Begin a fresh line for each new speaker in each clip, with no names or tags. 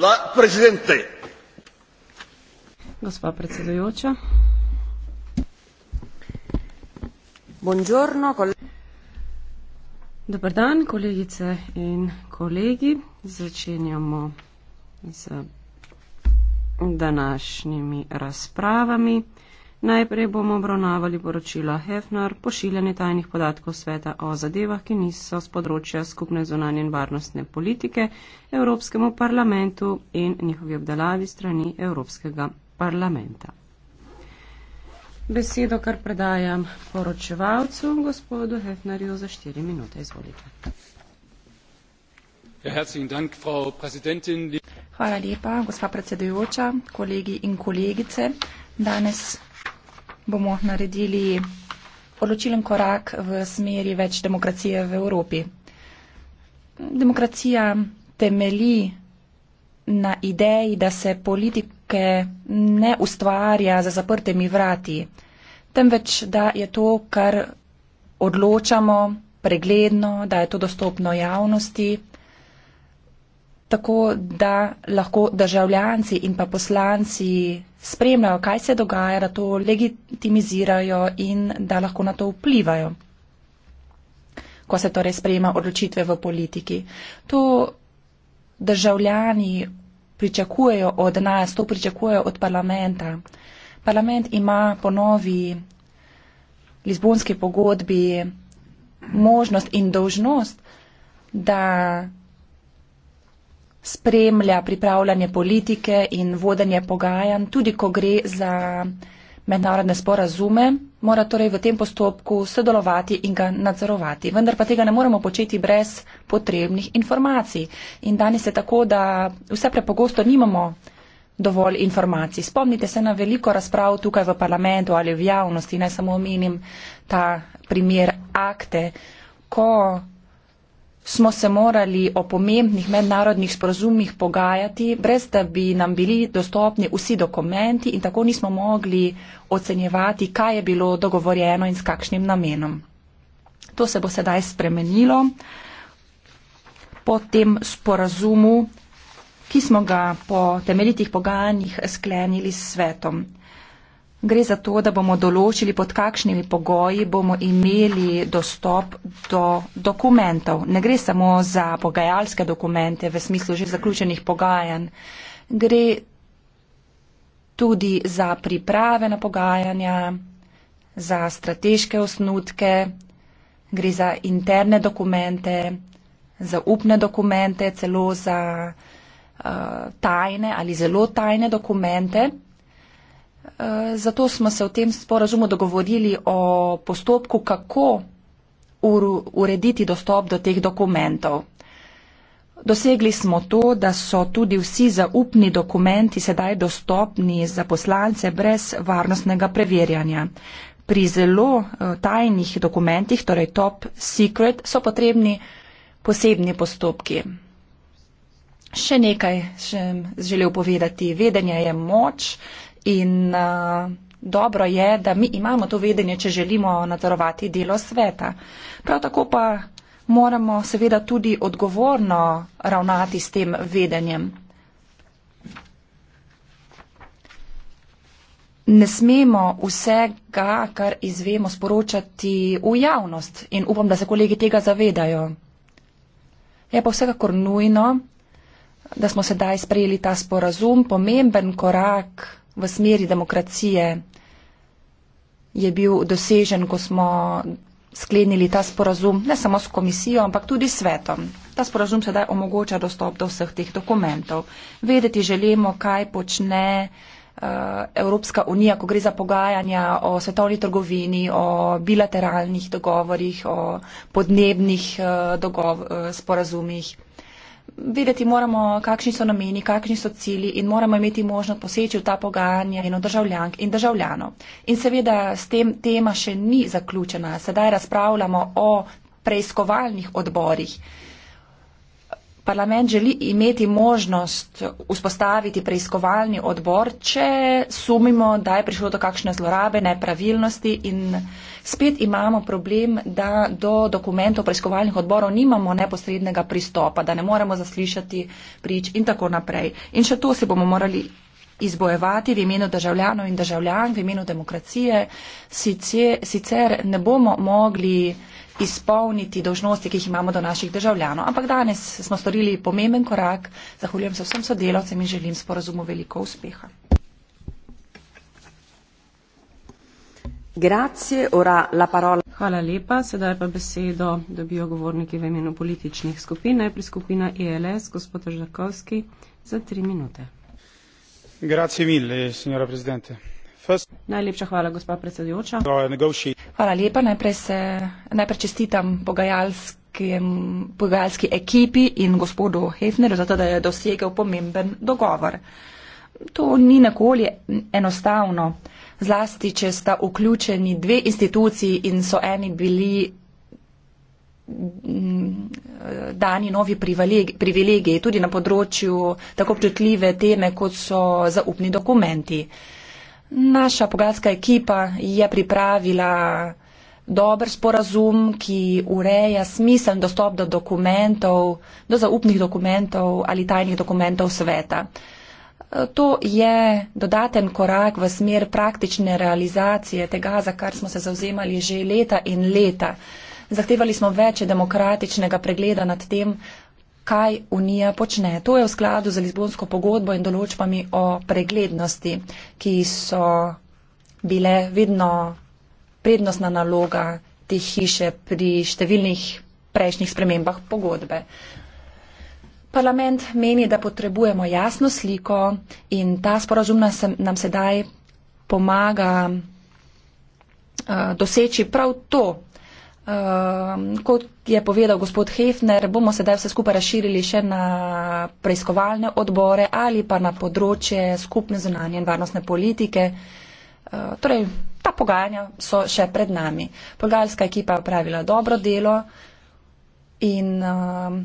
la presidente. Gospa predsedujoča. Buongiorno, Dobar dan, kolegice in kolegi. Začenjamo z današnjimi razpravami. Najprej bomo obravnavali poročila Hefnar, pošiljanje tajnih podatkov sveta o zadevah, ki niso z področja skupne zunanje in varnostne politike Evropskemu parlamentu in njihovi obdelavi strani Evropskega parlamenta. Besedo kar predajam poročevalcu, gospodu Hefnarju, za štiri minute. Izvolite. Ja, Hvala lepa,
gospa predsedujoča, kolegi in kolegice. Danes bomo naredili odločilen korak v smeri več demokracije v Evropi. Demokracija temeli na ideji, da se politike ne ustvarja za zaprtimi vrati, temveč da je to, kar odločamo, pregledno, da je to dostopno javnosti, tako da lahko državljanci in pa poslanci spremljajo, kaj se dogaja, da to legitimizirajo in da lahko na to vplivajo, ko se torej sprejema odločitve v politiki. To državljani pričakujejo od nas, to pričakujejo od parlamenta. Parlament ima po novi Lizbonski pogodbi možnost in dožnost, da spremlja pripravljanje politike in vodenje pogajanj, tudi ko gre za mednarodne sporazume, mora torej v tem postopku sodelovati in ga nadzorovati. Vendar pa tega ne moremo početi brez potrebnih informacij. In danes je tako, da vse prepogosto nimamo dovolj informacij. Spomnite se na veliko razprav tukaj v parlamentu ali v javnosti, naj samo omenim ta primer akte, ko smo se morali o pomembnih mednarodnih sporozumih pogajati, brez da bi nam bili dostopni vsi dokumenti in tako nismo mogli ocenjevati, kaj je bilo dogovorjeno in s kakšnim namenom. To se bo sedaj spremenilo po tem sporazumu, ki smo ga po temeljitih pogajanjih sklenili s svetom. Gre za to, da bomo določili, pod kakšnimi pogoji bomo imeli dostop do dokumentov. Ne gre samo za pogajalske dokumente v smislu že zaključenih pogajanj. Gre tudi za priprave na pogajanja, za strateške osnutke, gre za interne dokumente, za upne dokumente, celo za uh, tajne ali zelo tajne dokumente. Zato smo se v tem sporazumu dogovorili o postopku, kako urediti dostop do teh dokumentov. Dosegli smo to, da so tudi vsi zaupni dokumenti sedaj dostopni za poslance brez varnostnega preverjanja. Pri zelo eh, tajnih dokumentih, torej top secret, so potrebni posebni postopki. Še nekaj sem želel povedati. Vedenje je moč In uh, dobro je, da mi imamo to vedenje, če želimo nadzorovati delo sveta. Prav tako pa moramo seveda tudi odgovorno ravnati s tem vedenjem. Ne smemo vsega, kar izvemo, sporočati v javnost in upam, da se kolegi tega zavedajo. Je pa vsekakor nujno, da smo sedaj sprejeli ta sporazum, pomemben korak v smeri demokracije je bil dosežen, ko smo sklenili ta sporazum, ne samo s komisijo, ampak tudi s svetom. Ta sporazum sedaj omogoča dostop do vseh teh dokumentov. Vedeti želimo, kaj počne uh, Evropska unija, ko gre za pogajanja o svetovni trgovini, o bilateralnih dogovorih, o podnebnih uh, dogov, uh, sporazumih. Videti moramo, kakšni so nameni, kakšni so cilji in moramo imeti možnost poseči v ta pogajanja in od državljank in državljanov. In seveda s tem tema še ni zaključena. Sedaj razpravljamo o preiskovalnih odborih parlament želi imeti možnost vzpostaviti preiskovalni odbor, če sumimo, da je prišlo do kakšne zlorabe, nepravilnosti in spet imamo problem, da do dokumentov preiskovalnih odborov nimamo neposrednega pristopa, da ne moremo zaslišati prič in tako naprej. In še to si bomo morali izbojevati v imenu državljanov in državljank, v imenu demokracije, sicer, sicer ne bomo mogli izpolniti dožnosti, ki jih imamo do naših državljanov. Ampak danes smo storili pomemben korak. Zahvaljujem se vsem sodelavcem in želim sporazumu veliko uspeha.
Grazie, ora la parola. Hvala lepa. Sedaj pa besedo dobijo govorniki v imenu političnih skupin. Najprej skupina ILS, e gospod Žakovski, za tri minute. Najlepša hvala, gospa predsedujoča.
Hvala lepa. Najprej, se, najprej čestitam pogajalski ekipi in gospodu Hefneru za to, da je dosegel pomemben dogovor. To ni nekoli enostavno, zlasti, če sta vključeni dve instituciji in so eni bili dani novi privilegiji, tudi na področju tako občutljive teme, kot so zaupni dokumenti. Naša pogajalska ekipa je pripravila dober sporazum, ki ureja smiseln dostop do dokumentov, do zaupnih dokumentov ali tajnih dokumentov sveta. To je dodaten korak v smer praktične realizacije tega, za kar smo se zauzemali že leta in leta. Zahtevali smo več demokratičnega pregleda nad tem, kaj Unija počne. To je v skladu z Lizbonsko pogodbo in določbami o preglednosti, ki so bile vedno prednostna naloga te hiše pri številnih prejšnjih spremembah pogodbe. Parlament meni, da potrebujemo jasno sliko in ta sporazum nam sedaj pomaga uh, doseči prav to Ehm, kot je povedal gospod Hefner, bomo sedaj vse skupaj razširili še na preiskovalne odbore ali pa na področje skupne zunanje in varnostne politike. Ehm, torej, ta pogajanja so še pred nami. Polgarska ekipa je opravila dobro delo in ehm,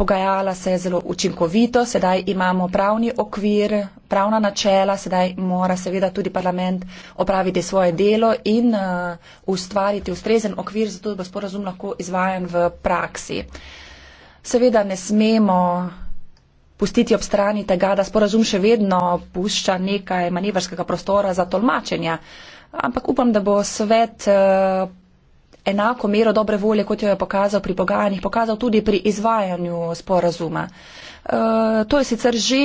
Pogajala se je zelo učinkovito, sedaj imamo pravni okvir, pravna načela, sedaj mora seveda tudi parlament opraviti svoje delo in uh, ustvariti ustrezen okvir, zato da bo sporazum lahko izvajan v praksi. Seveda ne smemo pustiti ob strani tega, da sporazum še vedno pušča nekaj manevrskega prostora za tolmačenja, ampak upam, da bo svet. Uh, enako mero dobre volje, kot jo je pokazal pri pogajanjih, pokazal tudi pri izvajanju sporazuma. E, to je sicer že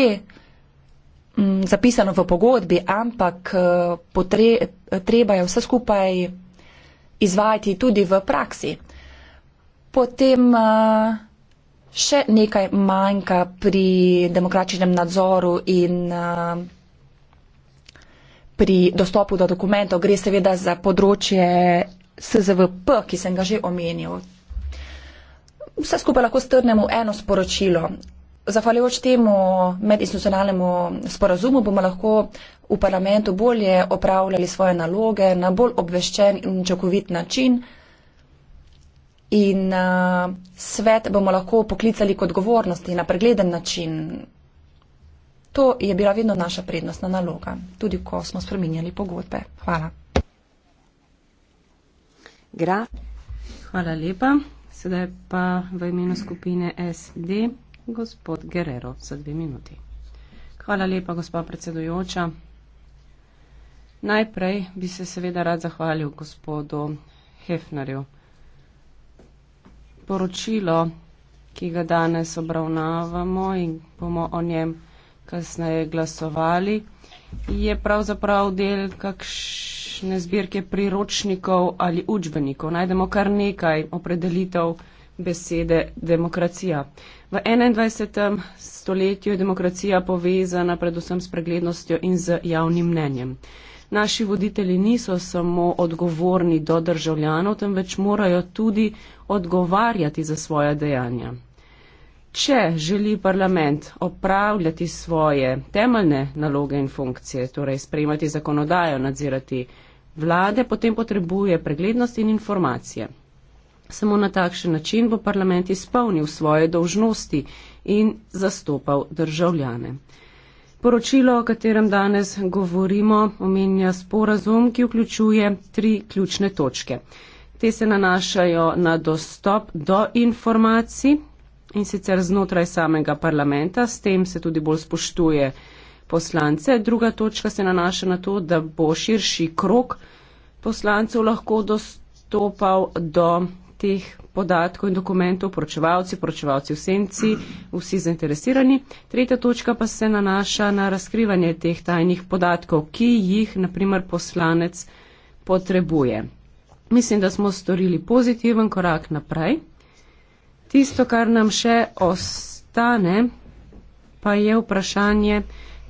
zapisano v pogodbi, ampak e, treba je vse skupaj izvajati tudi v praksi. Potem e, še nekaj manjka pri demokratičnem nadzoru in pri dostopu do dokumentov. Gre seveda za področje SZVP, ki sem ga že omenil. Vse skupaj lahko strnemo v eno sporočilo. Zahvaljujoč temu medinstitucionalnemu sporazumu bomo lahko v parlamentu bolje opravljali svoje naloge na bolj obveščen in čakovit način in uh, svet bomo lahko poklicali kot govornosti na pregleden način. To je bila vedno naša prednostna naloga, tudi ko smo spreminjali pogodbe. Hvala.
Graf. Hvala lepa. Sedaj pa v imenu skupine SD gospod Guerrero za dve minuti. Hvala lepa, gospod predsedujoča. Najprej bi se seveda rad zahvalil gospodu Hefnerju. Poročilo, ki ga danes obravnavamo in bomo o njem kasneje glasovali, je pravzaprav del kakšnega različne zbirke priročnikov ali učbenikov. Najdemo kar nekaj opredelitev besede demokracija. V 21. stoletju je demokracija povezana predvsem s preglednostjo in z javnim mnenjem. Naši voditelji niso samo odgovorni do državljanov, temveč morajo tudi odgovarjati za svoja dejanja. Če želi parlament opravljati svoje temeljne naloge in funkcije, torej sprejemati zakonodajo, nadzirati vlade potem potrebuje preglednost in informacije. Samo na takšen način bo parlament izpolnil svoje dolžnosti in zastopal državljane. Poročilo, o katerem danes govorimo, omenja sporazum, ki vključuje tri ključne točke. Te se nanašajo na dostop do informacij in sicer znotraj samega parlamenta, s tem se tudi bolj spoštuje poslance. Druga točka se nanaša na to, da bo širši krok poslancev lahko dostopal do teh podatkov in dokumentov, poročevalci, poročevalci v senci, vsi zainteresirani. Tretja točka pa se nanaša na razkrivanje teh tajnih podatkov, ki jih, naprimer, poslanec potrebuje. Mislim, da smo storili pozitiven korak naprej. Tisto, kar nam še ostane, pa je vprašanje,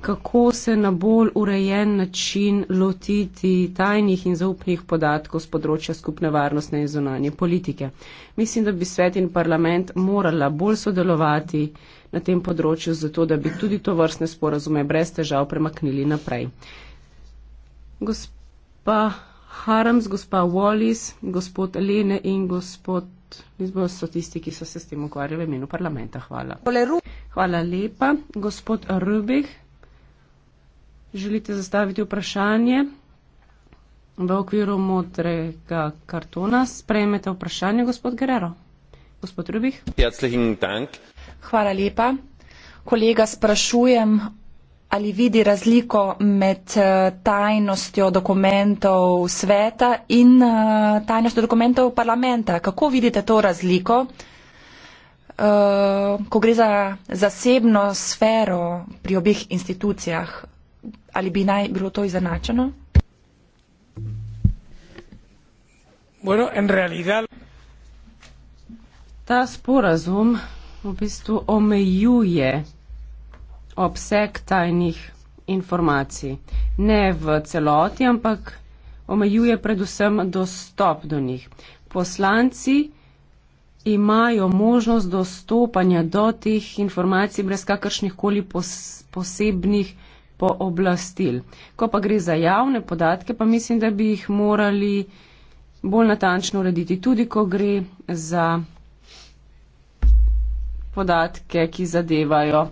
kako se na bolj urejen način lotiti tajnih in zaupnih podatkov z področja skupne varnostne in zunanje politike. Mislim, da bi svet in parlament morala bolj sodelovati na tem področju, zato da bi tudi to vrstne sporazume brez težav premaknili naprej. Gospa Harams, gospa Wallis, gospod Lene in gospod Lisbon so tisti, ki so se s tem ukvarjali v imenu parlamenta. Hvala. Hvala lepa. Gospod Rubih želite zastaviti vprašanje v okviru modrega kartona, sprejmete vprašanje, gospod Guerrero. Gospod Rubih. Hvala lepa. Kolega, sprašujem,
ali vidi razliko med eh, tajnostjo dokumentov sveta in eh, tajnostjo dokumentov parlamenta. Kako vidite to razliko? Uh, ko gre za zasebno sfero pri obeh institucijah, ali bi naj bilo to izenačeno?
Ta sporazum v bistvu omejuje obseg tajnih informacij. Ne v celoti, ampak omejuje predvsem dostop do njih. Poslanci imajo možnost dostopanja do teh informacij brez kakršnih koli pos posebnih informacij pooblastil. Ko pa gre za javne podatke, pa mislim, da bi jih morali bolj natančno urediti, tudi ko gre za podatke, ki zadevajo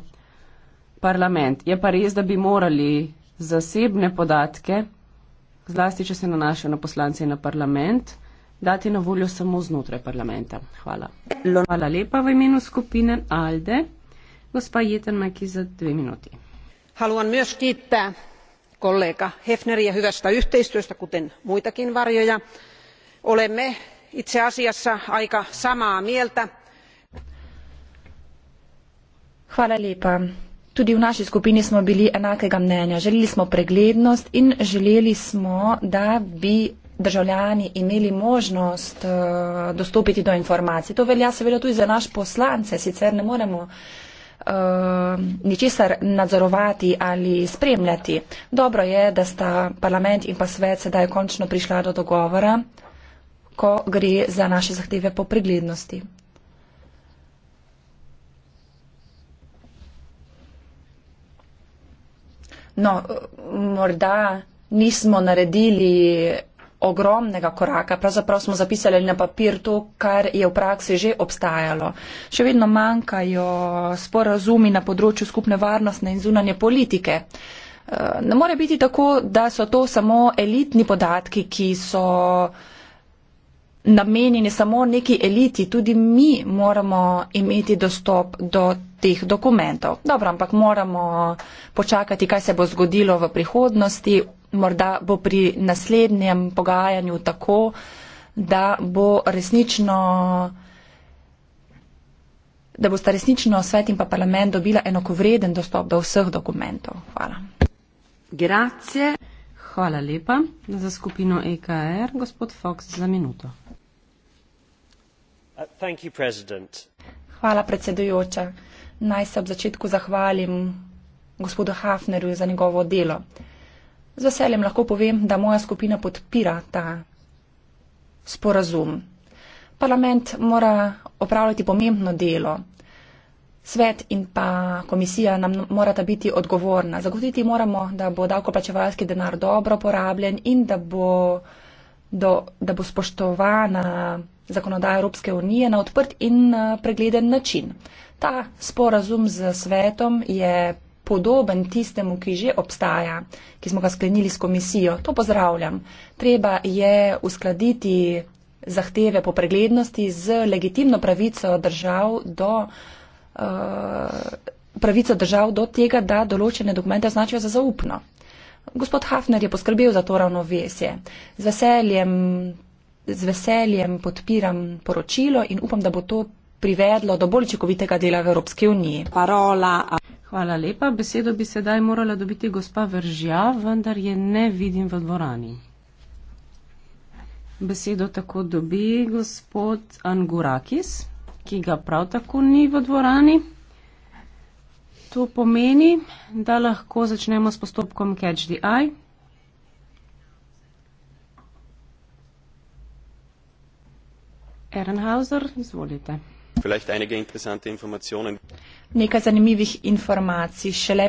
parlament. Je pa res, da bi morali zasebne podatke, zlasti, če se nanašajo na poslance in na parlament, dati na voljo samo znotraj parlamenta. Hvala. Hvala lepa v imenu skupine Alde. Gospa Jeten Maki za dve minuti
haluan myös kiittää kollega häfneriä ja hyvästä yhteistyöstä kuten muitakin varjoja. olemme itse asiassa aika samaa mieltä. tudi v naši skupini smo bili enakega mnenja želeli smo preglednost in želeli smo da bi državljani imeli možnost eh, dostopiti do informacij. to velja seveda tudi za naše poslance sicer ne moremo uh, ničesar nadzorovati ali spremljati. Dobro je, da sta parlament in pa svet sedaj končno prišla do dogovora, ko gre za naše zahteve po preglednosti. No, eh, morda nismo naredili ogromnega koraka. Pravzaprav smo zapisali na papir to, kar je v praksi že obstajalo. Še vedno manjkajo sporazumi na področju skupne varnostne in zunanje politike. Eh, ne more biti tako, da so to samo elitni podatki, ki so namenjeni samo neki eliti. Tudi mi moramo imeti dostop do teh dokumentov. Dobro, ampak moramo počakati, kaj se bo zgodilo v prihodnosti morda bo pri naslednjem pogajanju tako, da bo resnično da boste resnično svet in pa parlament dobila enakovreden dostop do vseh dokumentov.
Hvala. Grazie. Hvala lepa za skupino EKR. Gospod Fox za minuto. Uh, thank you, president.
Hvala, predsedujoča. Naj se ob začetku zahvalim gospodu Hafnerju za njegovo delo. Z veseljem lahko povem, da moja skupina podpira ta sporazum. Parlament mora opravljati pomembno delo. Svet in pa komisija nam morata biti odgovorna. Zagotoviti moramo, da bo davkoplačevalski denar dobro porabljen in da bo, do, da bo spoštovana zakonodaja Evropske unije na odprt in eh, pregleden način. Ta sporazum z svetom je podoben tistemu, ki že obstaja, ki smo ga sklenili s komisijo. To pozdravljam. Treba je uskladiti zahteve po preglednosti z legitimno pravico držav do. Uh, pravico držav do tega, da določene dokumente označijo za zaupno. Gospod Hafner je poskrbel za to ravnovesje. Z veseljem, z veseljem podpiram poročilo in upam, da bo to
privedlo do bolj čekovitega dela v Evropski uniji. Parola. Hvala lepa. Besedo bi sedaj morala dobiti gospa Veržja, vendar je ne vidim v dvorani. Besedo tako dobi gospod Angurakis, ki ga prav tako ni v dvorani. To pomeni, da lahko začnemo s postopkom Catch the Eye. Ehrenhauser, izvolite vielleicht einige interessante Informationen.
Nekaj zanimivih informacij. Šele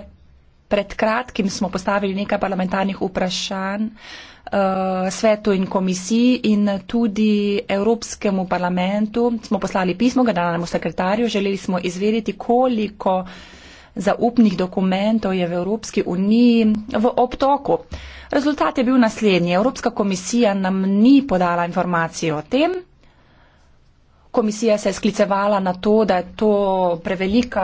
pred kratkim smo postavili nekaj parlamentarnih vprašanj eh, svetu in komisiji in tudi Evropskemu parlamentu. Smo poslali pismo generalnemu sekretarju, želeli smo izvedeti, koliko zaupnih dokumentov je v Evropski uniji v obtoku. Rezultat je bil naslednji. Evropska komisija nam ni podala informacije o tem. Komisija se je sklicevala na to, da je to prevelika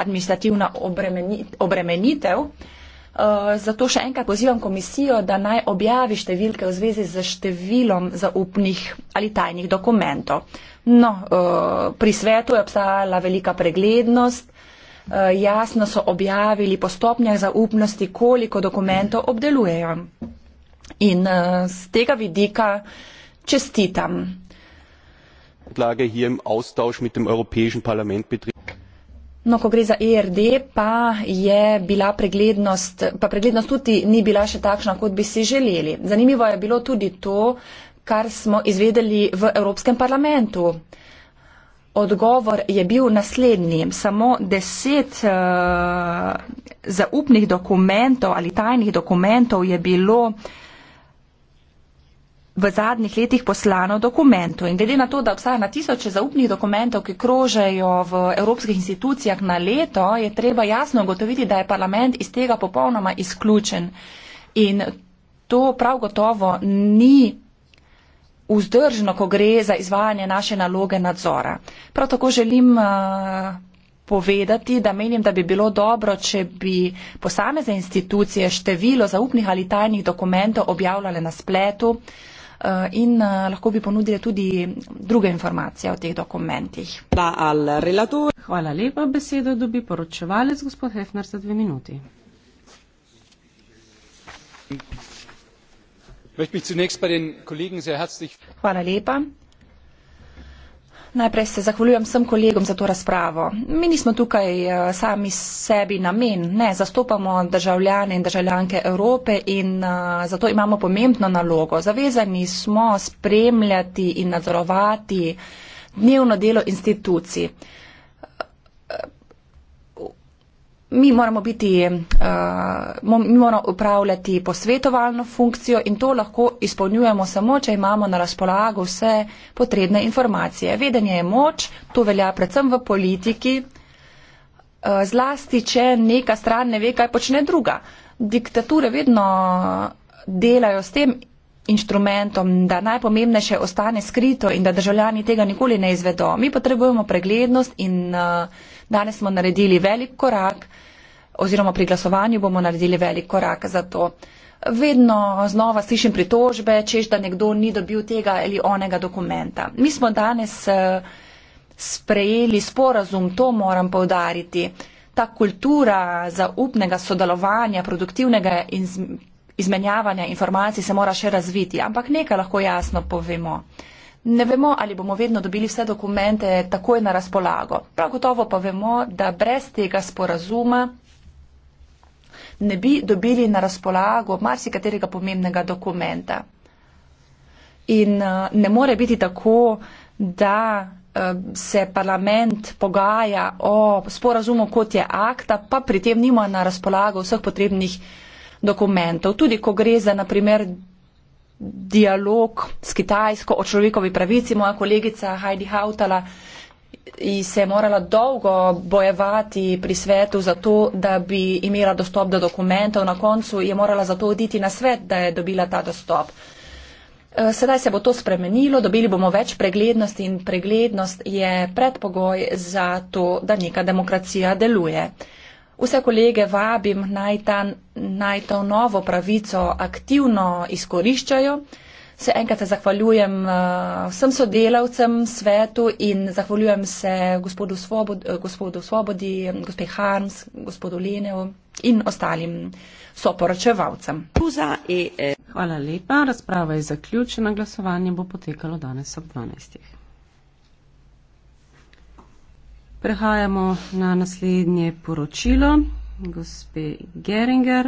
administrativna obremeni, obremenitev. Uh, zato še enkrat pozivam komisijo, da naj objavi številke v zvezi z številom zaupnih ali tajnih dokumentov. No, uh, pri svetu je obstajala velika preglednost, uh, jasno so objavili po stopnjah zaupnosti, koliko dokumentov obdelujejo. In z tega vidika čestitam
grundlage hier im Austausch mit dem Europäischen Parlament betrieben.
No, ko gre za ERD, pa je bila preglednost, pa preglednost tudi ni bila še takšna, kot bi si želeli. Zanimivo je bilo tudi to, kar smo izvedeli v Evropskem parlamentu. Odgovor je bil naslednji. Samo deset uh, zaupnih dokumentov ali tajnih dokumentov je bilo uh, v zadnjih letih poslano dokumentu. In glede na to, da obstaja na tisoče zaupnih dokumentov, ki krožejo v evropskih institucijah na leto, je treba jasno ugotoviti, da je parlament iz tega popolnoma izključen. In to prav gotovo ni vzdržno, ko gre za izvajanje naše naloge nadzora. Prav tako želim eh, povedati, da menim, da bi bilo dobro, če bi posamezne institucije število zaupnih ali tajnih dokumentov objavljale na spletu, uh, Eh, in eh, lahko bi ponudili tudi druge informacije o teh dokumentih.
Hvala lepa, besedo dobi poročevalec gospod Hefner za dve minuti.
Hvala lepa. Najprej se zahvaljujem vsem kolegom za to razpravo. Mi nismo tukaj eh, sami sebi namen, ne, zastopamo državljane in državljanke Evrope in uh, zato imamo pomembno nalogo. Zavezani smo spremljati in nadzorovati dnevno delo institucij. Uh, mi moramo biti, uh, mi moramo upravljati posvetovalno funkcijo in to lahko izpolnjujemo samo, če imamo na razpolago vse potrebne informacije. Vedenje je moč, to velja predvsem v politiki, uh, zlasti, če neka stran ne ve, kaj počne druga. Diktature vedno delajo s tem inštrumentom, da najpomembnejše ostane skrito in da državljani tega nikoli ne izvedo. Mi potrebujemo preglednost in uh, Danes smo naredili velik korak oziroma pri glasovanju bomo naredili velik korak za to. Vedno znova slišim pritožbe, češ da nekdo ni dobil tega ali onega dokumenta. Mi smo danes eh, sprejeli sporazum, to moram povdariti. Ta kultura zaupnega sodelovanja, produktivnega izmenjavanja informacij se mora še razviti, ampak nekaj lahko jasno povemo. Ne vemo, ali bomo vedno dobili vse dokumente takoj na razpolago. Prav gotovo pa vemo, da brez tega sporazuma ne bi dobili na razpolago marsikaterega pomembnega dokumenta. In eh, ne more biti tako, da eh, se parlament pogaja o sporazumu, kot je akta, pa pri tem nima na razpolago vseh potrebnih dokumentov. Tudi, ko gre za, naprimer, dialog s Kitajsko o človekovi pravici. Moja kolegica Heidi Hautala se je morala dolgo bojevati pri svetu za to, da bi imela dostop do dokumentov. Na koncu je morala zato oditi na svet, da je dobila ta dostop. Eh, sedaj se bo to spremenilo, dobili bomo več preglednosti in preglednost je predpogoj za to, da neka demokracija deluje vse kolege vabim naj, ta, naj to novo pravico aktivno izkoriščajo. Se enkrat se zahvaljujem eh, vsem sodelavcem svetu in zahvaljujem se gospodu, Svobod, gospodu Svobodi, gospe Harms, gospodu Lenev in
ostalim soporočevalcem. Hvala lepa, razprava je zaključena, glasovanje bo potekalo danes ob 12. Prehajamo na naslednje poročilo gospe Geringer.